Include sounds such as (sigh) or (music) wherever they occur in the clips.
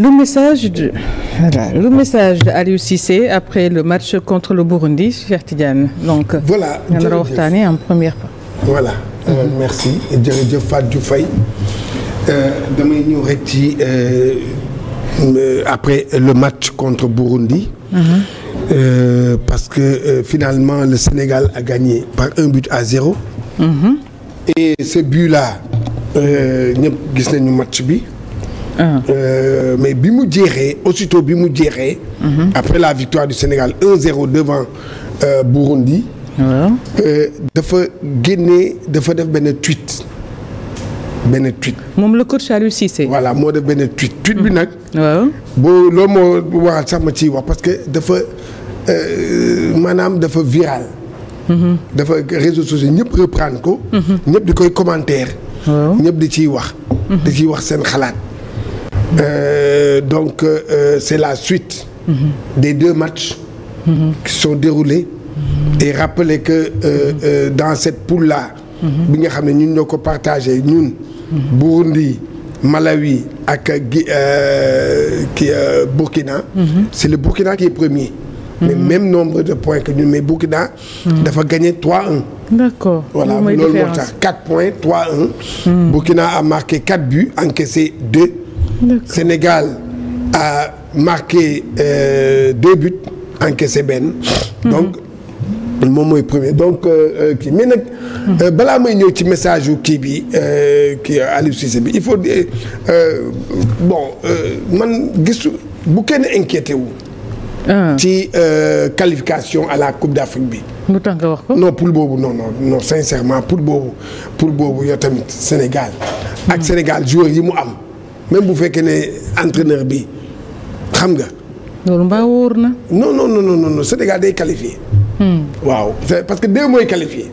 Le message de, voilà, le message après le match contre le Burundi, Cheikh Tidiane. Donc, voilà, ñu la waxtaanee en première part. Voilà. Euh, mm-hmm. merci jërëjëf Fatou Faye euh, damay ñëw rek ci euh, euh, le match contre Burundi. Mhm. parce que euh, finalement le Sénégal a gagné par un but à zéro. Mhm. et ce but là ñëpp gis nañu match bi. Euh, mais bi mu jeexee aussitôt bi mu jeexee. Mhm. après la victoire du Sénégal 1-0 devant euh, Burundi. Euh, dafa génnee dafa def benn tweet benn tweet. moom la coach Aliou Cissé. voilà moo benn tweet tweet bi mhm. nag. waaw boo loolu moo waral sax ma ciy wax parce que dafa euh, maanaam dafa viral. Mhm. dafa réseaux sociaux ñëpp reprendre ko. ñëpp di koy commentaire. ñëpp di ciy wax. di ciy wax seen xalaat. Euh, donc euh, c'est la suite mm -hmm. des deux matchs mm -hmm. qui sont déroulés mm-hmm. et rappeler que euh, mm-hmm. euh, dans cette poule-là mm-hmm. nga xam ne ñun ñoo ko ñun Burundi Malawi ak ki Burkina c'est le Burkina qui est premier mais même nombre de points que ñun mais Burkina dafa gagné 3-1 D'accord. Voilà, loolu moo points 3-1 Burkina a marqué 4 buts encaissé 2 Sénégal a marqué euh, deux buts encaissé benn. Mhm. donc moom mooy premier donc euh, euh, kii mais nag. Mhm. Euh, balaa may ñëw ci message wu kii bi kii Aliou bi il faut bon man gisu bu kenn inquiété wu. Ah. ci qualification à la coupe d'Afrique bi. lu tax nga boobu non non non sincèrement poule boobu poule boobu yow tamit Sénégal. ak mhm. Sénégal joueur yi mu am. même bu fekkee ne entraîneur bi xam nga. loolu mbaa wóor na. non non non non non Sénégal day qualifié. Hmm. waaw c'est parce que deux mooy qualifié.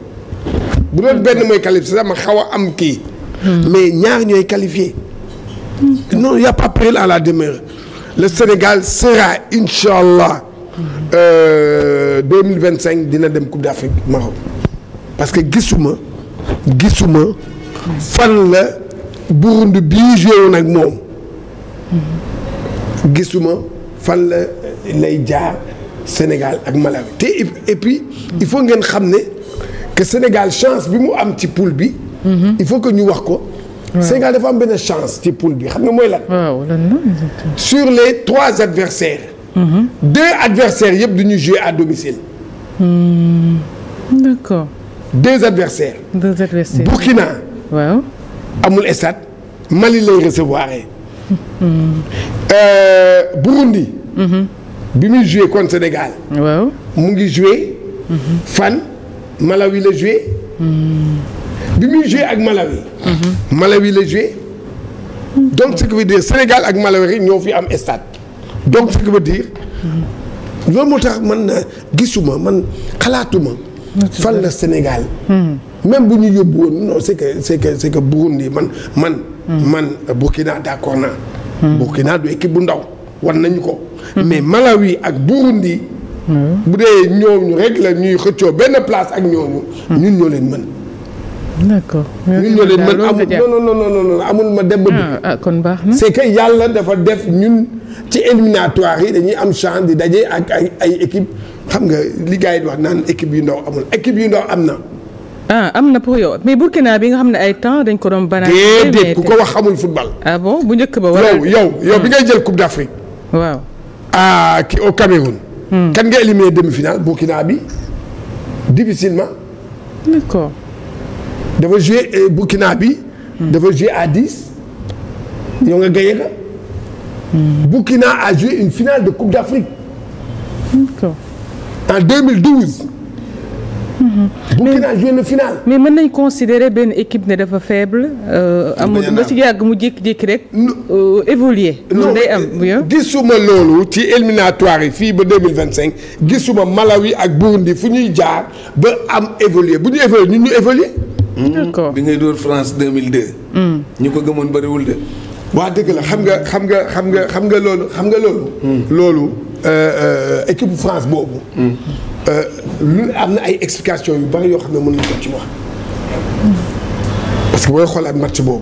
bu doon benn mooy qualifié sax xaw a am kii. Hmm. mais ñaar ñooy qualifié. Hmm. non y a à la demeure. le Sénégal sera incha allah euh, deux vingt cinq dina dem Coupe d'Afrique Maroc parce que gisuma gisuma fan la. Burundi bii joué nag moom gisuma fan la lay jaar Sénégal ak Malawi te et puis il faut ngeen xam ne que Sénégal chance bi mu am ci poule bi mhm. il faut que ñu wax ko Sénégal dafa am benn chance ci poule bi xam nga mooy lan sur les trois adversaires Mmh. deux adversaires yëpp du ñu jouer à domicile. Mmh. d'accord. deux adversaires. Burkina. amul stade Mali lay recevoir. Mm-hmm. Euh, Burundi. Mm-hmm. bi muy joué contre Sénégal. mu ngi joué. Mm-hmm. fan Malawi la joué. bi muy joué ak Malawi. Malawi la joué. donc ce qui veut dire Sénégal ak Malawi rek ñoo fi am stade donc ce qui veut dire. loolu moo tax man gisuma man xalaatuma. fan la Sénégal. Hmm. même bu ñu yóbbu woon non c'est que c'est Burundi man man. Hmm. man Burkina d'accord naa. Hmm. Burkina du équipe bu ndaw war nañu ko. mais Malawi ak Burundi. bu dee ñooñu rek la ñuy xëccoo benn place ak ñooñu. ñun ñoo leen mën. d'accord ñun ñoo leen mën amul non ma dem ba. Ah, ah, kon baax na c'est yàlla dafa def ñun ci éliminatoire yi dañuy am chance di daje ak ay ay équipe xam nga li gars yi di wax naan équipe yu ndaw amul équipe yu ndaw am na. Ah, am na pour yow mais Burkina bi nga xam ne ay temps dañ ko doon. banaan déedéet ku ko wax xamul football. Ah bu njëkk ba. waral yow yow yow ah. ngay jël coupe d'Afrique. waaw. ah ki au Cameroun. Hmm. kan nga éliminé demi-finale Burkina bi difficilement. dafa joué eh, Burkina bi. Hmm. dafa joué à dix. yow nga gagné ka. Hmm. Burkina a joué une finale de coupe d'Afrique. en 2012. Mm-hmm. Burkina joué mais mën nañ considérer benn équipe ne dafa faible. Euh, amul ba ci yàgg mu jékki-jékki rek. Euh, évoluer loolu day am gisuma loolu ci éliminatoire yi fii ba deux mille vingt cinq gisuma Malawi ak Burundi fu ñuy jaar ba am évoluer bu ñu évoluer ñun ñu évoluer. Mm. d'accord bi ngay dóor France deux mille deux. Mm. ñu ko gëmoon bëriwul de. waa dëgg la xam nga xam nga xam nga xam nga loolu xam nga loolu. Mm. loolu. Euh, euh, équipe France boobu. Euh, lu am na ay explication yu bari yoo xam ne mën na ko ci wax. parce que booy xoolaat match boobu.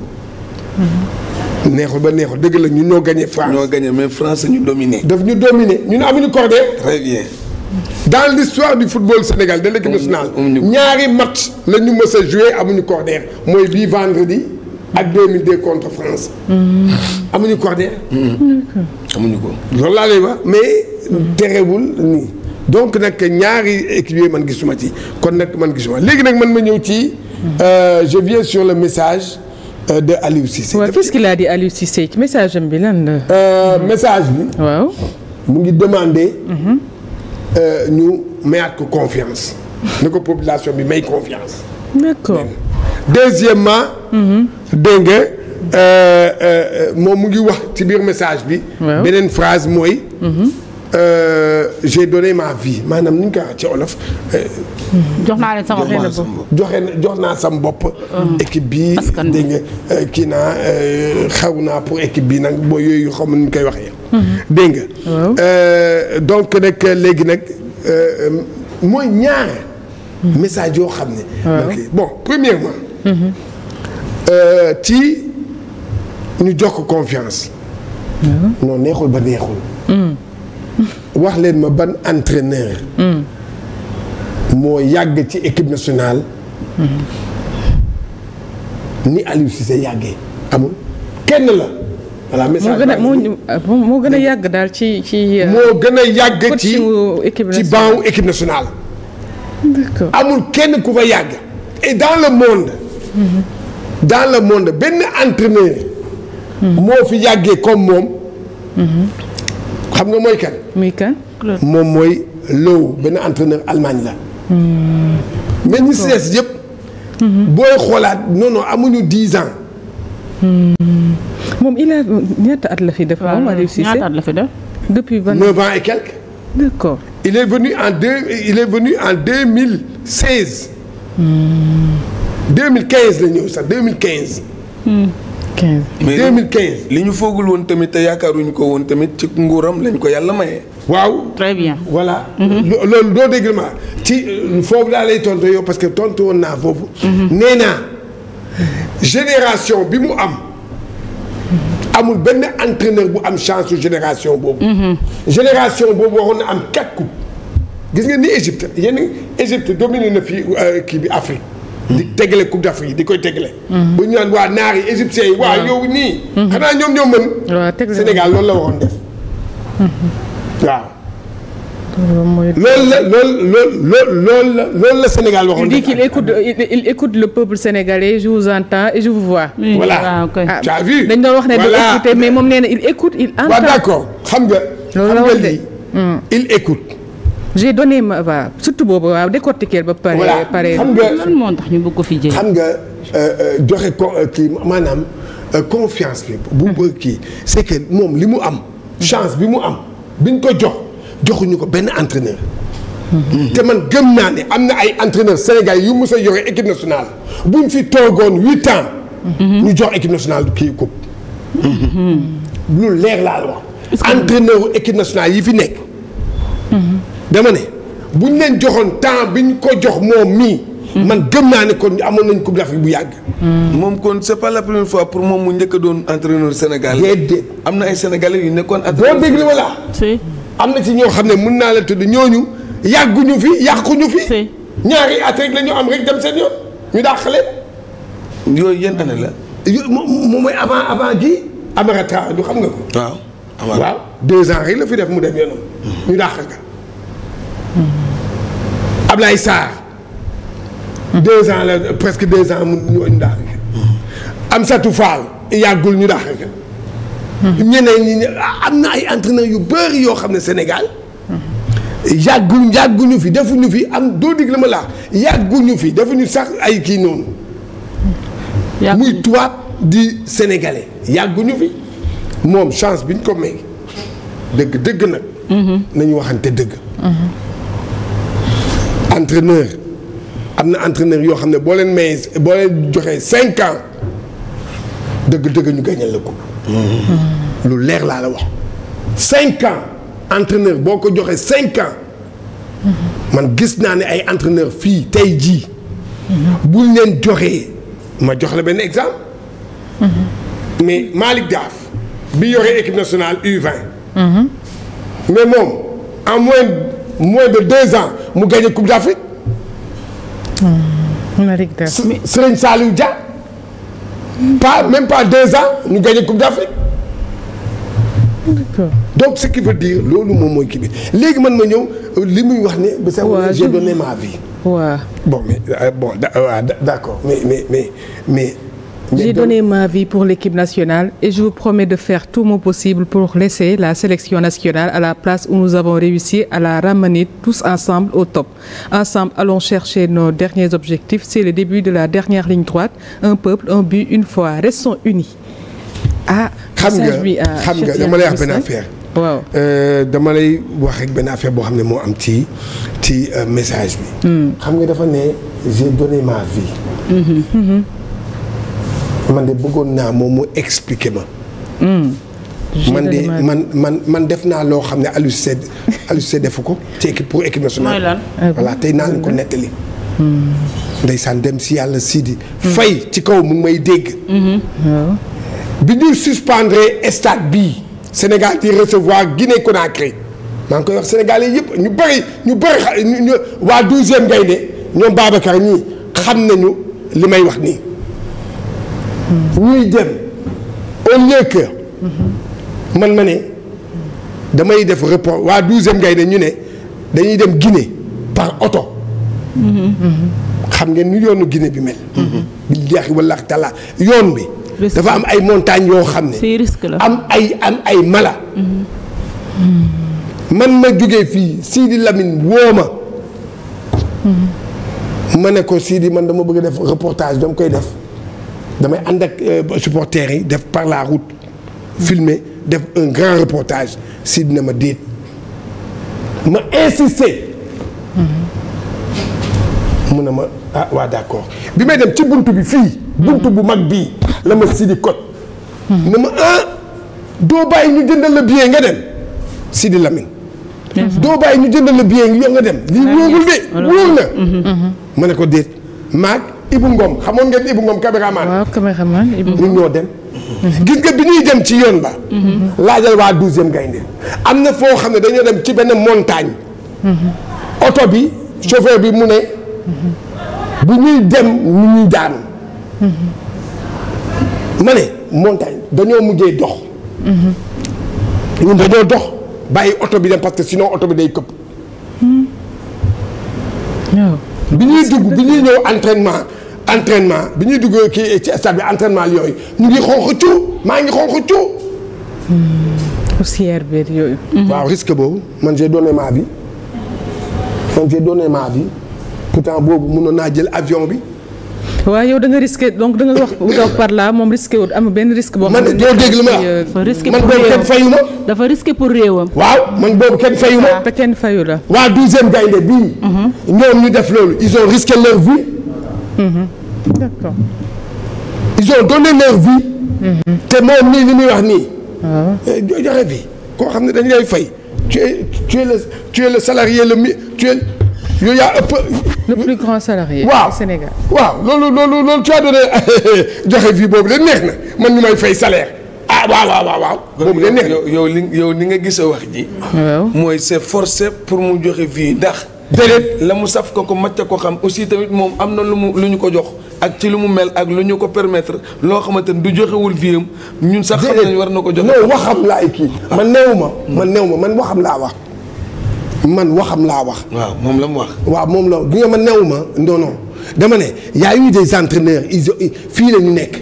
neexul ba neexul dëgg la ñun ñoo gagné France. ñoo gagné mais France ñu dominé. daf ñu dominé ñun amuñu cordé. très bien. dans l'histoire du football Sénégal de l'équipe nationale. ñaari match la ñu mës a joué amuñu cordé mooy bii vendredi. ak 2002 contre France. Mm-hmm. amuñu cordé. Mm-hmm. amuñu ko. loolu laa lay wax mais terewul nii donc nag ñaari équipe yooyu man gisuma ci kon nag man gisuma léegi nag man ma ñëw ci. Euh, je viens sur le message. Euh, de Aliou Cissé. waaw qu'est-ce qu'il a ci message am bi lan la. Euh, message bi. mu ngi demander. Mhm. ñu mayaat ko confiance. ne ko population bi may confiance. d'accord deuxièmement. Mhm. Euh, euh, moom mu ngi wax ci biir message bi. beneen frase mooy. Mhm. Euh, j'ai donné ma vie maanaam ni ñu koy wax ci olof. jox naa leen sama mhm. bi dégg nga kii naa xaw naa pour équipe bi nag boo yooyu xam nu ñu koy waxee. Mhm. donc nag léegi nag mooy ñaar. message yoo xam ne. bon premièrement. ci. ñu jox ko confiance. non neexul ba neexul. Hmm. wax leen ma ban entraîneur. Hmm. moo yàgg ci équipe nationale. Hmm. ni Aliou Cissé yàggee amul kenn la. voilà message moo gën a yàgg daal ci ci. Euh, moo gën a yàgg ci ci banc équipe nationale. amul kenn ku fa yàgg. et dans le monde. dans le monde benn entraîneur. moo fi yàggee comme moom. xam nga mooy kan. moom mooy Lowe benn entraîneur Allemagne la. Hmm. mais ñi si des yëpp. booy xoolaat non amuñu dix ans. Hmm. moom il a at la fi def. waaw ñaata at la fi def. depuis ban neuf ans et quelques. d'accord venu en deux il est en deux mille seize. Hmm. deux mille quinze la ñëw sax deux quinze. 15 2015 li ñu foogul woon tamit te yaakaaruñu ko woon tamit ci nguuram lañ ko yàlla maye. waaw très bien voilà. Mm-hmm. loolu doo déglu ma ci euh, foofu laa lay tontu yow parce que tontu woon naa foofu. Mm-hmm. nee naa génération bi mu am amul benn entraîneur bu am chance su génération boobu. Mm-hmm. génération boobu waxoon na am quatre coupes gis nga ni Égypte yéen Égypte dominé na fii euh, kii bi Afrique. di tegle Coupe d'Afrique yi di koy tegle mm-hmm. bu ñu naan waa naar yi égyptiens yi waa mm-hmm. yow nii. Mm-hmm. xanaa ñoom ñoo mën. Sénégal loolu la waroon def. la loolu loolu loolu la loolu Sénégal waxoon. il il écoute le peuple sénégalais je vous entends et je vous vois. voilà ah, tu as vu. dañ doon wax ne du écouter mais moom nee na il écoute il entend. d'accord xam nga. xam nga lii mm. il écoute. j'ai donné ma waaw surtout boobu waaw décortiquer ba pare. pare xam nga lan moo tax ñu bëgg ko fi jëlee. xam nga euh, euh, joxe ko euh, kii maanaam confiance bi. bu hmm. bëgg kii c'est que moom li mu am. chance bi mu am biñ ko jox joxuñu ko benn entraîneur. Hmm. te man gëm naa ni am na ay entraîneur Sénégal yu mos a yore équipe nationale buñ fi toogoon huit ans. Hmm. ñu jox équipe nationale kii coupe. lu leer laa la wax. entraîneur équipe nationale yi fi nekk. dama ne ñu leen joxoon temps bi ñu ko jox moom mii. man gëm naa ne kon amoon nañ coupe d'Afrique bu yàgg. Mm. moom kon c'est pas la première fois pour moom mu njëkk a doon entraîneur Sénégal. déedéet am na ay sénégalais yu nekkoon. entraîneur boo déglu wala. si am na ci ñoo xam ne mën naa la tudd ñooñu yàgguñu fi yàquñu fi. ñaari at rek la ñu am rek dem seen yoon ñu dàqale. yooyu yenn année la. yooyu moom mooy avant avant ji. Amara Traoré du xam nga ko. waaw waaw deux ans rek la fi def mu dem yoonam. Mm. ñu dàq ka Ablaye Sarr. deux ans la presque deux ans mu ñu dàq Amsatou Fall yàggul ñu dàq am na ay entraîneurs yu bëri yoo xam ne Sénégal. yàgguñ yàgguñu fi defuñu fi am doo dig la ma laa yàgguñu fi defuñu sax ay kii noonu. muy tubaab di sénégalais yàgguñu fi. moom chance biñ ko may dëgg dëgg nag. Mhm. nañu waxante dëgg. Mhm. entraîneur am na entraîneur yoo xam ne boo leen mayee boo leen joxee cinq ans dëgg-dëgg ñu gañal la ko. Hmm. lu leer laa la wax. cinq ans entraîneur boo ko joxee cinq ans hmm. man gis naa ne ay entraîneur fii tey jii. Hmm. bu leen joxee ma jox la benn exemple. mais Malick Daaf bi yore équipe nationale U20. mais moom en moins moins de deux ans mu gagné coupe d'Afrique. Hmm. Serigne Saliou Dia. pas même pas deux ans ñu gagné coupe d'Afrique. D'accord. donc ce qui veut dire loolu moom mooy kii bi léegi man ma ñëw li muy wax ne. ba sa j'ai donné ma vie. waaw bon mais euh, bon euh, d'accord mais mais mais J'ai donné ma vie pour l'équipe nationale et je vous promets de faire tout mon possible pour laisser la sélection nationale à la place où nous avons réussi à la ramener tous ensemble au top. Ensemble, allons chercher nos derniers objectifs. C'est le début de la dernière ligne droite. Un peuple, un but, une foi. Restons unis. ah xam nga xam nga dama lay wax benn affaire. waaw euh, dama lay wax rek benn affaire boo xam ne moo am ci ci euh, message hmm. xam nga dafa man de bëggoon naa moom mu expliquer ma. Hmm. man de man man man def naa loo xam ne Aliou Cissé Aliou Cissé defu ko ci équipe pour équipe nationale. Ah, voilà tey naa ko hmm. nettali. Hmm. ndeysaan dem si yàlla Sidi. fay ci kaw mu ngi may dégg. bi ñu suspendre stade bii. Sénégal di recevoir Guinée Conakry. maa ngi koy wax sénégalais yëpp ñu bëri ñu bëri waa douzième gaynde ñoom Babacar ñii xam nañu li may wax nii. ñuy dem au lieu que man ma ne damay def report waa douzième gaynde ñu ne dañuy dem Guinée par oto xam ngeen ni yoonu Guinée bi mel billaahi wallaahi taalaa yoon bi dafa am ay montagnes yoo xam ne am ay am ay mala man ma jógee fii Sidi Lamine woo ma ma ne ko Sidi man dama bëgg def reportage dama koy def damay ànd ak euh, supporters yi def par la route def un grand reportage si dina ma déet ma insister. mu ne ma ah waa d'accord bi may dem ci buntu bi fii. bunt bu mag bii la ma Sidi Cot. ne ma ah doo bàyyi ñu jëndal la billet nga dem Sidi Lamine. doo bàyyi ñu jëndal la billet yow nga dem. lii wóorul de wóor na. Mm-hmm. ma ne ko déet maag. Ibou Ngom xamoon ngeen Ibou Ngom caméraman. waaw caméraman Ibou Ngom ñoo dem. gis nga bi ñuy dem ci yoon ba. Mhm. laajal waa douzième gaynde am na foo xam ne dañoo dem ci benn montagne. Mhm. oto bi chauffeur bi mu ne. Mhm. bu ñuy dem nu ñuy daanu. ma ne montagne dañoo mujjee dox. ñun dañoo dox bàyyi oto bi dem parce que sinon oto bi day këpp. Hmm. bi ñuy dugg bi ñuy ñëw entraînement entraînement bi ñuy dugg kii ci stade bi entraînement yooyu ñu ngi xonq cu maa ngi xonq cu hmm. poussière bi yooyu. Hmm. waaw risque boobu man j'ai donné ma vie man j'ai donné ma vie pourtant boobu mënoon naa jël avion bi. waa yow da nga risqué donc da wax donc par là moom risqué wut am benn risque. boo xam ne man doo dégg li ma wax dafa risqué pour réewam. waaw man boobu kenn fayu ma. te kenn fayu waa douzième gaynde bii. Mhm. ñoom ñu def loolu ils ont risqué leur vie. Mhm. d'accord. ils ont donné leur vie. Mhm. te moom nii li muy wax nii. waaw ah. eh, joxe bi koo xam ne dañ lay fay. tu es tu es le tu es le salarié mi yow yaa ëpp. le plus grand salarié. waaw Sénégal waaw loolu loolu loolu tu as donné (laughs) joxe fii boobu leen neex na man ñu may fay salaire ah waaw waaw waaw. yow li yow li nga gis a wax ji. waaw mooy c'est forcé pour mu joxe fii ndax. déedéet la mu saf ko ko macca ko xam aussi tamit moom am na lu mu lu ñu ko jox ak ci lu mu mel ak lu ñu ko permettre loo xamante ni du joxewul vie am ñun sax xam nañ war na ko joxe. non waxam laay kii man néew man néew ma man waxam laa wax. man waxam laa wax. waaw moom la mu wax. waaw moom la gi nga ma new ma non dama ne y a eu des entraîneurs fii la ñu nekk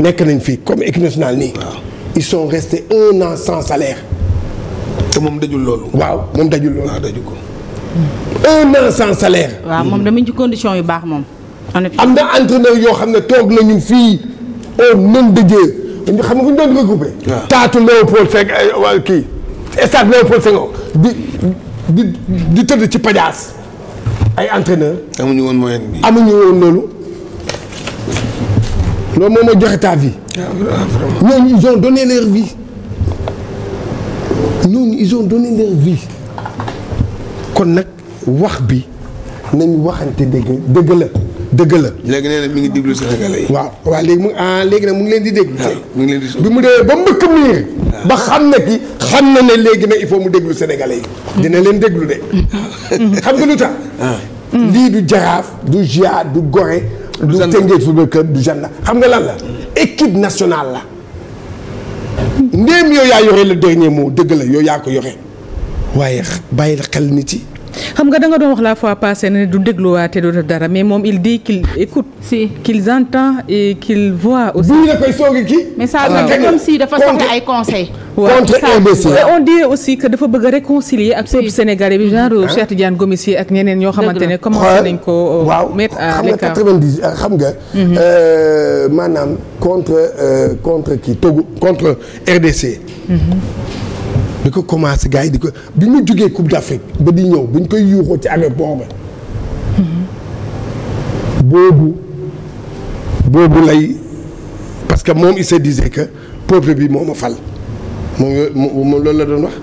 nekk nañ fii comme équipe nationale nii. ils sont restés un an sans salaire. te moom dajul loolu. waaw moom dajul loolu. waaw dajul ko. un an sans salaire. waaw moom dama ci condition yu baax moom. am na entraîneur yoo xam ne toog nañu fii au nom de Dieu xam nga fu ñu doon taatu Léopold Senghor kii Léopold Senghor di di tëdd ci pajaas ay entraîneur amuñu woon moyen bi amuñu woon loolu loolu moom mooy joxe ta ah, vie. ñooñu ils leur vie ñooñu ils ont leur vie kon nag wax bi nañu waxante dëgg dëgg la. dëgg la. léegi nee na mi ngi déglu Sénégalais yi. waaw waaw léegi mu ah, nag mu ngi leen di déglu. Ah, mu ngi leen di bi mu dee ba mbëkk miir. ba ah. xam na ki xam na ne léegi na il faut mu déglu Sénégalais yi. dina leen déglu de. (laughs) xam nga lu mm. lii du jaraaf du Gia du Gorée. du Teungueth Football Club du Janda xam nga la. équipe nationale la. ndéem yow yaa yore le dernier mot dëgg la yow yaa ko yore. waaye bàyyi xel nit yi. xam nga da nga doon wax la fois passée ne du dégluwaate du def dara mais moom il dit qu'il écoute. si qu'il entend qu'il voit aussi. bu ñu la koy soog a kii. mais ça ah, si dafa soxla ay conseils. contre imbécile on dirait aussi que dafa bëgg a réconcilier ak peuple sénégalais bi genre Cheikh Tidiane Gomis yi ak ñeneen ñoo xamante ne commencé nañ ko euh, mettre à l'écart xam nga 90 euh, mhm. euh, contre contre kii contre RDC mhm. da ko commencé gars yi di ko bi mu jógee Coupe d'Afrique ba di ñëw ñu koy yuuxoo ci aéroport ba boobu boobu lay parce que moom il se disait que peuple bi moo ma fal moom moom loolu la doon wax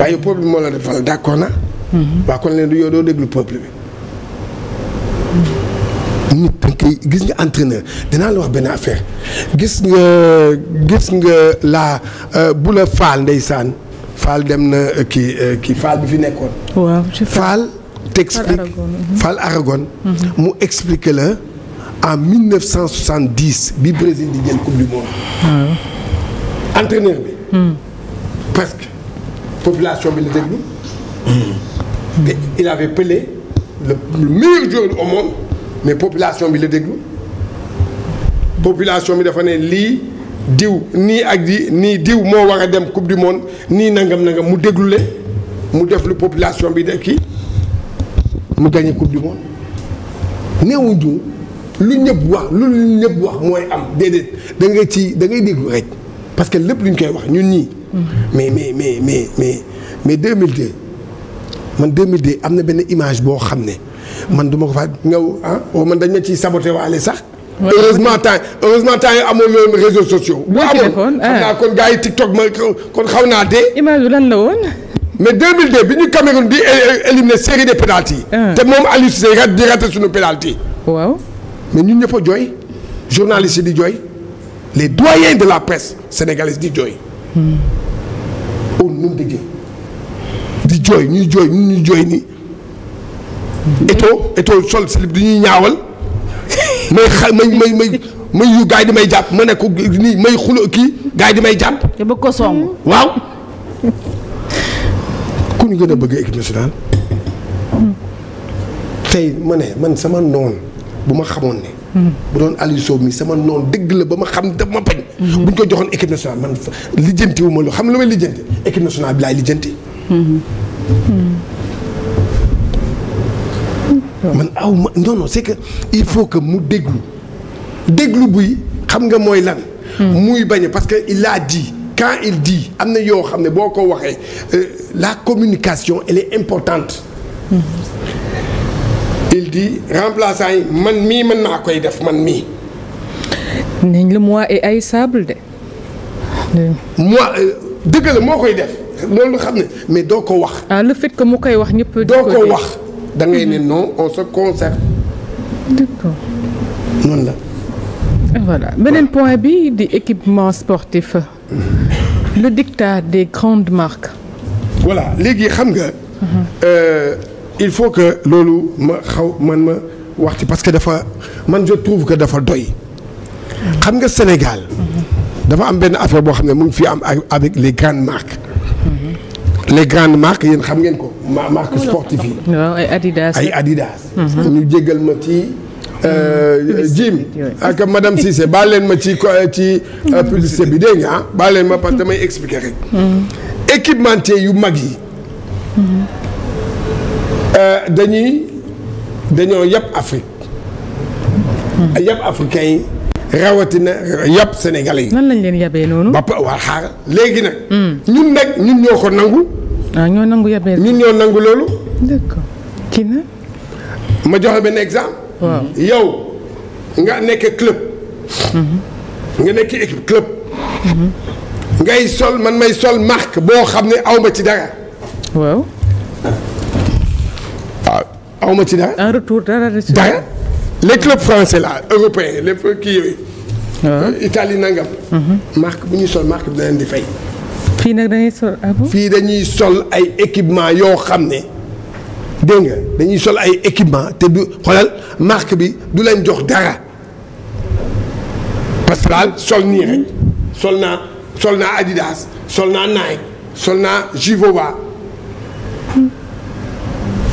waaye yow peuple bi moo la fal d'accord na. Mm-hmm. waa kon leen du doo déglu peuple bi. nit dañ gis nga entraîneur dinaa la wax benn affaire gis nga gis nga la euh, bu la faal ndeysaan faal dem na euh, kii euh, kii faal bi fi nekkoon. waaw faal t'explique faal Aragon mhm. mhm. mu explique la en 1970 bi Brésil di jël coupe du monde. waaw bi. Hmm. parce que bi la déglu. Hmm. il avait Pelé le meilleur joueur au monde. mais population bi la déglu population bi dafa ne lii diw nii ak di nii diw moo war a dem coupe du monde nii nangam nangam mu déglu mu def lu population bi def ki mu gagné coupe du monde néewuñu lu ñëpp wax lu ñëpp wax mooy am déedéet da nga ci da ngay déglu rek parce que lépp lu ñu koy wax ñun ñii. mais mais mais mais mais mais 2002 man 2002 am na benn image boo xam ne. man du ma ko fa nga ah man dañ ma ciy saboté waale sax. heureusement temps heureusement temps yi amoon loon réseaux sociaux. bu amoon xam ah. naa kon gars yi TikTok ma kon xaw naa dee. image bi lan la woon. mais 2002 bi ñu bi di éliminer série de pénalty yi. Ah. te moom Aliou Cissé rat di raté suñu pénalty waaw. mais ñun ñëpp jooy journalistes yi di jooy les doyens de la presse sénégalaise di jooy. Hmm. au nom de Dieu di jooy ñu jooy ñun ñuy jooy nii. Eto Eto sol slip du ñuy ñaawal may xa may may may may yu may jàpp ma ne ko nii may xuloo kii gars yi di may jàpp. te bëgg ko song. waaw. ku ñu gën a bëgg équipe nationale. tey ma ne man sama noon bu ma xamoon ne. bu doon Aliou Sow mi sama noon dëgg la ba ma xam daf ma bañ. bu ñu ko joxoon équipe nationale man lijjanti wu ma loo xam ne lu may lijjanti équipe nationale bi laay lijjanti. man aw ma non non c'est que il faut que mu déglu déglu buy xam nga mooy lan. Hmm. muy bañ parce que il a dit. quand il dit am na yoo xam ne boo ko waxee euh, la communication elle est importante. Hmm. il dit remplaçant yi man mii mën naa koy def man mii. nañ la moi et ay sable de. moi euh, dëgg la moo koy def loolu xam ne mais doo ko wax. ah le fait que mu koy wax ñëpp. doo ko wax. da ngay mhm. ne non on se concerte. d'accord. noonu la. voilà beneen point bi di équipement sportif. Mhm. le diktat des grandes marques. voilà léegi xam nga. Mhm. Euh, il faut que loolu ma xaw man ma wax ci parce que dafa man je trouve que dafa doy. xam nga Sénégal. dafa am benn affaire boo xam ne mu ngi fi am avec les grandes marques. les grandes marques yéen xam ngeen ko marque sportive yi. waaw ay Adidas ay Adidas. Mhm. ñu jégal ma ci. Euh, Jim ak madame Cissé baal leen ma ci euh, ci euh, mhm. publicité bi dégg nga ah? baal leen ma parce que expliquer rek. Mhm. équipementier yu mag yi. dañuy dañoo yàpp Afrique. yàpp africain yi rawatina yàpp sénégalais yi. nan lañ leen yàbbee noonu. ba waa xaaral léegi nag. ñun nag ñun ñoo ko nangu. waa ah, ñoo nangu yabeel ñun ñoo nangu loolu. d'accord kii na. ma joxe benn exemple. yow nga nekk club. Mhm. nga nekk équipe club. Mhm. ngay sol man may sol marque boo xam ne aw ma ci dara. waaw. waaw ah, aw ma ci dara. en retour dara dara. les clubs français là européens les kii yooyu. waaw Italie nangam. Mhm. marque bu ñuy sol marque bi da leen di fay. fii nag dañuy sol ay équipement yoo xam ne dégg nga dañuy sol ay équipement te du xoolal marque bi du leen jox dara parce que daal sol nii rek sol naa sol naa Adidas sol naa Nike sol naa Givova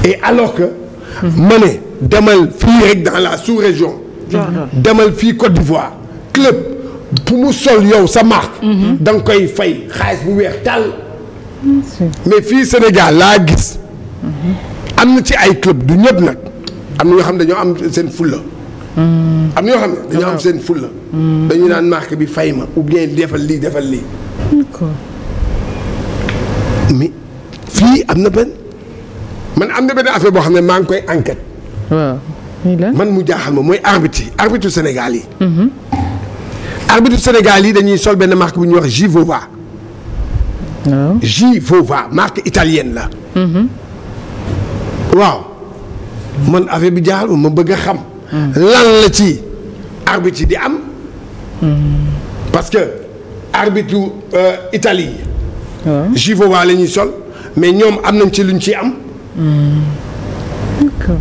et alors que. ma ne demal fii rek dans la sous-région. demal fii Côte d'Ivoire club. pour mu sol yow sa marque. Mhm. da nga koy fay xaalis bu weex tàll. mais fii Sénégal laa gis. Mhm. am na ci ay club du ñëpp nag am na ñoo xam ne dañoo am seen fulla mhm. am na ñoo seen fulla dañu naan marque bi fay ma ou bien defal lii defal lii. mais fii am na benn man am na benn affaire boo xam ne maa ngi koy enquête. waaw man mu jaaxal ma mooy arbitre yi arbitre Sénégal yi. arbitre Sénégal yi dañuy sol benn marque bu ñuy wax Givova. waaw Givova marque italienne la. Mhm. waaw mën affaire bi jaaxal ma bëgg a xam. Mhm. lan la ci arbitre yi di am. Mhm. parce que arbitre euh, Italie yi. waaw Givova sol mais ñoom am nañ ci luñ ci am. d'accord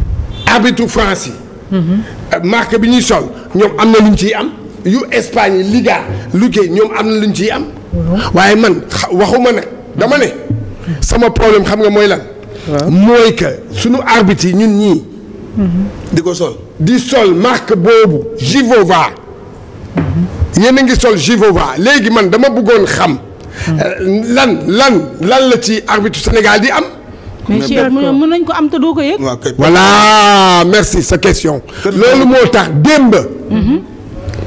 arbitre France yi. Euh, marque bi ñuy sol ñoom am na luñ ciy am. yu Espagne Liga liggéey ñoom am na lu ñu ciy am. waaye man waxuma nag dama ne. sama problème xam nga mooy lan. mooy que sunu arbitre yi ñun ñii. Mm-hmm. di ko sol. di sol marque boobu Givova. Mm-hmm. yéen a ngi sol Givova léegi man dama bëggoon xam. Mm. Eh, lan lan lan la ci arbitre Sénégal di am. mën nañ ko am te doo ko yëg. voilà merci sa question. loolu moo tax démb. Mm-hmm.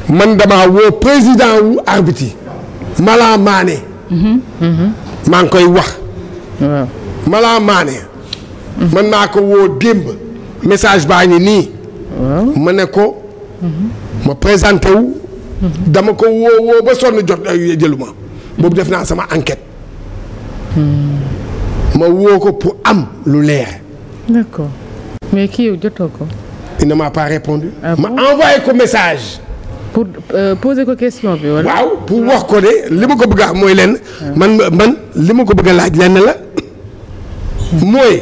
man damaa woo président wu arbitre malaa maane Mané. Mm-hmm. ngi koy wax. malaa maane man naa ko woo démb message baa ni nii. ma ne ko. Mm-hmm. ma présenté wu. Mm-hmm. dama ko woo woo ba sonn jot jëlu ma. boobu def naa sama enquête. ma woo ko pour am lu leer. d'accord mais kii yow jotoo ko. il ne m'a pas répondu. Ah bon? ma envoyé ko message. pour euh, poser ko question bi wala. waaw pour wax ko de li ma ko bëgg am mooy lenn. man man li ma ko bëgg a laaj lenn la. mooy.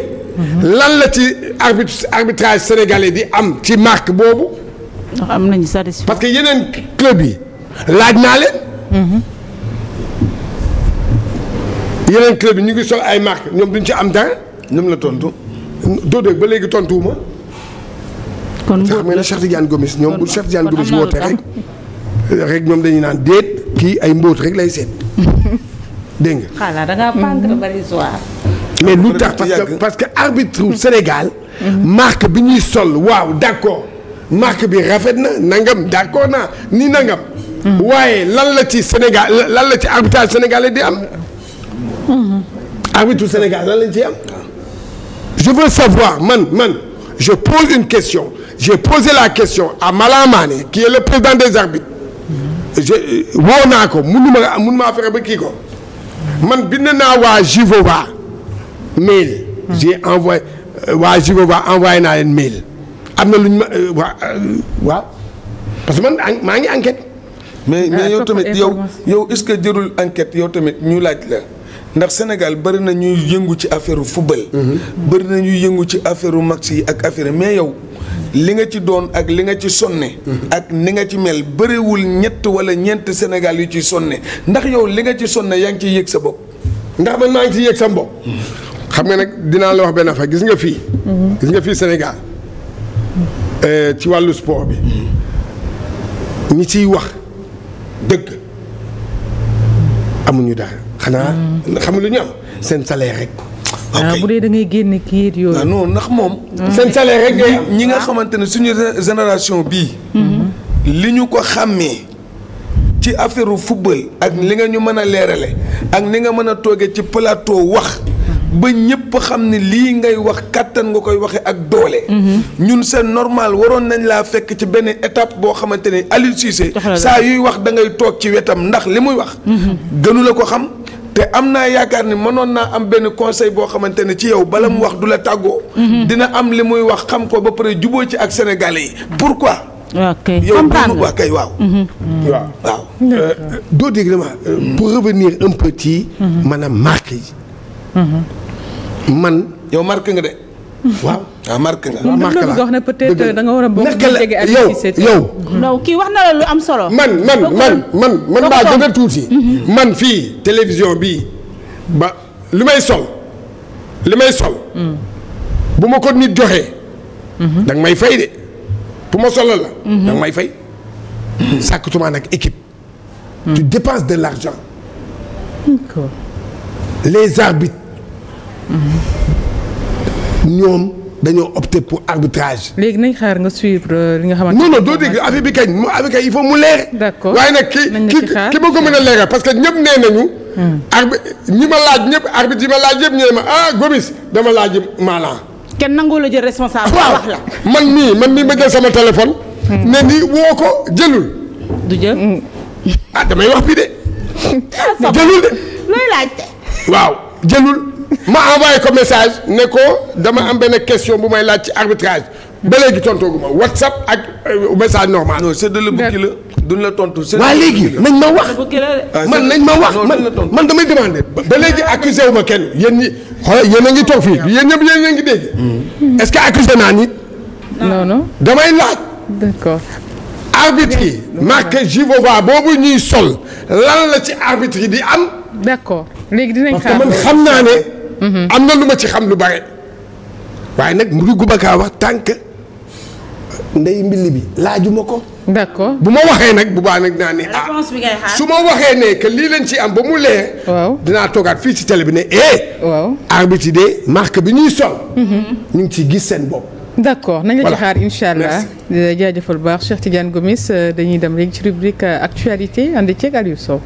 lan la ci arbitre arbitrage sénégalais di am ci marque boobu. ndax am nañu satisfaction. parce que yeneen club yi laaj naa leen. Mhm. yeneen club yi ñu ngi sol ay marque ñoom duñ ci am dara ñoom la tontu doo dégg ba léegi tontuwuma. kon góor xam nga ne Cheikh Tidiane Gomis ñoom bu Cheikh Tidiane Gomis woote rek. rek ñoom dañuy naan déet kii ay mbóot rek lay seet. (laughs) dégg ngaa pànk mm-hmm. mais lu tax parce que parce que arbitre Sénégal. Mm-hmm. marque bi ñuy sol waaw d'accord marque bi rafet na nangam d'accord naa ni nangam. Mm-hmm. waaye lan la ci Sénégal lan la ci arbitrage sénégalais di am. arbitre Sénégal lan lañ ci am. je veux savoir man man je pose une question. j'ai posé la question à Malang Mané qui est le président des arbitres je euh, woo naa ko mënuma mënuma fexe ba kii ko man bind naa waa Jivova mail. j'ai envoyé euh, waa Jivova envoyé na leen mail am na lu ñu ma euh, waa waaw parce que man maa ngi enquête. mais mais ah, yow tamit yow yow est-ce que jërul enquête yow tamit ñu laaj la. ndax Sénégal bëri na ñuy yëngu ci affaire football. bëri na ñuy yëngu ci affaire match yi ak affaire mais yow li nga ci doon ak li nga ci sonne. ak ni nga ci mel bëriwul ñett wala ñeent Sénégal yu ci sonne ndax yow li nga ci sonne yaa ngi ciy yëg sa bopp. ndax man maa ngi ciy yëg sa bopp. xam nga nag dinaa la wax benn affaire gis nga fii. gis nga fii Sénégal euh, ci wàllu sport bi ñi ciy wax dëgg amuñu dara. xanaa xam lu ñu am seen salaire rek. Ah, ok bu dee da ngay génne kii yooyu. Ah, non ndax moom. Ah. seen salaire rek ngay ñi nga xamante ne suñu génération bii. Mm-hmm. li ñu ko xàmmee. ci affaire football ak li nga ñu mën a leerale ak ni nga mën a toogee ci plateau wax mm-hmm. ba ñëpp xam ne lii ngay wax kàttan nga koy waxee ak doole. Mm-hmm. ñun seen normal waroon nañ laa fekk ci benn étape boo xamante ne Aliou saa yuy wax da toog ci wetam ndax li muy wax. gënu ko xam. te am naa yaakaar ni mënoon naa am benn conseil boo xamante ne ci yaw bala mu wax du la tàggoo. Mhm. dina am li muy wax xam ko ba pare juboo ci ak sénégalais yi pourquoi. ok comprendre yow kay waaw. Mhm. waaw waaw. doo dégg dama pour revenir un peu ci. Mhm. maanaam marque yi. man. yow marque nga de waaw. ah marqué wax a bokk na la lu am solo. man man man man man maa tuuti. man fii télévision bii ba li may sol li may sol. bu ma ko nit joxee. Mhm. da may fay de bu ma solal la. Mhm. da may fay. sàkkatuma nag équipe. Mhm. tu dépenses de l'argent. les arbitres. ñoom. dañoo opté pour arbitrage. léegi nañ xaar nga suivre euh, li nga xamante non non doo dégg affaire bi kañ mu affaire kañ il faut mu leere. d'accord waaye nag ki ki ma ko mën a leeral parce que ñëpp nañu. Hmm. arbi ñi ma laaj ñëpp arbitre yi ma laaj ñëpp ñu ma ah Gomis dama laaj maanaam. kenn nangoo la jël responsable. Ah, wax la man mii man mii ma jël sama téléphone. Hmm. ne ni woo ko jëlul. du jël. Hmm. ah damay wax fii de. (laughs) Ah, jëlul de. looy laaj. waaw jëlul. ma envoyé ko message ne ko dama am benn question bu may laaj ci arbitrage ba léegi tontoogu ma whatsapp ak euh, message normal. non c'est de la bukki la duñ tontu. waa léegi nañ ma wax. Ah, man nañ ma wax man man damay demandé. ba léegi accusé wu ma kenn yéen ñi xoolal yéen a ngi toog fii yéen ñëpp yéen a ngi dégg. Mm. est-ce que accusé naa nit. non non damay laaj. d'accord. arbitre yi marque boobu ñuy sol lan la ci arbitre yi di am. d'accord léegi dinañ xaar man xam naa ne. am na lu ma ci xam lu bare waaye nag mu dugg bakaa wax tànk ndey mbilli bi laajuma ko. d'accord bu ma waxee nag bu baax nag naa ne ah su ma waxee ne que lii leen ci am ba mu leer. waaw dinaa toogaat fii ci télé bi ne eh. waaw arbitre de marque bi ñuy sol. Mhm. ñu ngi ciy gis seen bopp. d'accord nañ la ci xaar incha allah jaajëfal baax Cheikh Tidiane Gomis euh, dañuy dem léegi ci rubrique euh, actualité ànd ceeg Aliou Sow.